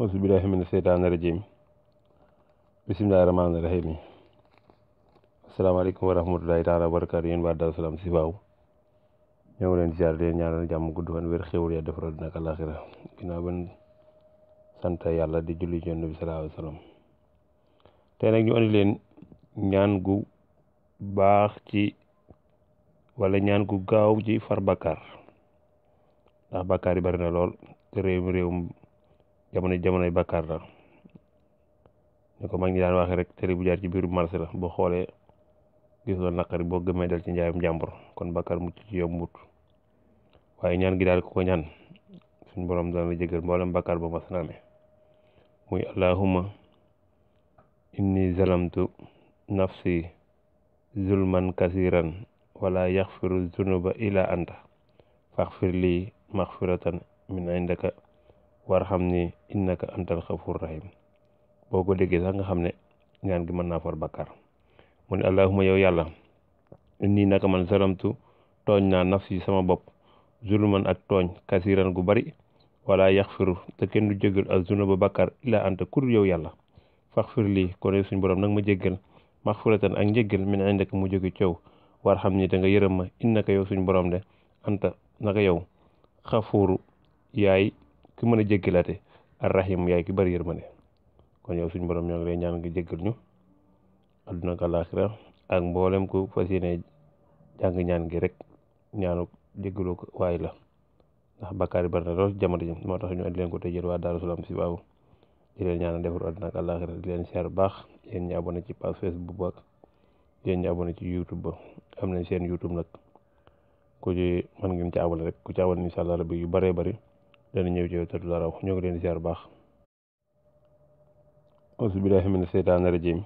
auzubillahi mina seytaani rajiim bismillahi rahmaani rahiim asalaamaaleykum wa rahmatulahi taala wa barakaatu yéen waa Daaru Salaam si waaw ñoo ngi leen ziar leen ñaanal jàmm gudd fan wér xéwal ya defaral dina ak àlaxira ginnaaw ban sant yàlla di julli ci Nabi sallallahu alayhi wa sallam tey nag ñu andi leen ñaan gu baax ci wala ñaan gu gaaw ci far bakkaar ndax bakkaar yi bari na lool te réewum réewum jamono jamonoy bàkkaar la ni ko man ñi daan waxee rek tëri bu jaar ci biiru marché la boo xoolee gis loolu naqari boo gëmee dal ci njaayum jàmbur kon bàkkaar mucc ci yombut waaye ñaan gi daal ku ko ñaan suñ borom dana la jéggal mboolem bàkkaar ba mas naa amee muy allahumma inni zalamtu nafsi zulman kasiran wala yaxfiru zunuba ila anta faxfir lii maxfiratan min indaka war xam ni innaka antal xafur rahim boo ko déggee sax nga xam ne ñaan gi mën naa far bàkkaar mu ne allahuma yow yàlla nii naka man saramtu tooñ naa nafsi sama bopp zulman ak tooñ kasiran gu bari wala yaxfiru te kenn du jégal ak bu bàkkaar illa anta kur yow yàlla faxfir lii kon suñ borom nag ma jéggal maxfiratan ak njéggal min indaka mu jóge coow war xam ni da nga yërëm ma innaka yow suñ borom de anta naka yow xafuuru yaay ki mën a jéggalaate arrahim yaay ki bari yërmande kon yow suñ borom ñoo ngi lay ñaan nga jéggal ñu adduna ak àllaaxira ak mboolem ku fas yéene jàng ñaan gi rek ñaanu jéggalu ko waay la ndax bakkaar yi bari na lool jamono ji moo tax ñu andi ko tey jël waa Daaru si baabu di leen ñaanal defaru adduna ak àllaaxira leen seer baax yéen ñu ci page Facebook ba yéen ñu ci YouTube ba am nañ seen YouTube nag ku ci mën ngeen ci rek ku ci abonné incha allah yu bëree bari dana ñëw ci yow te du dara wax ñoo ngi leen di ziar baax auzu billaahi mina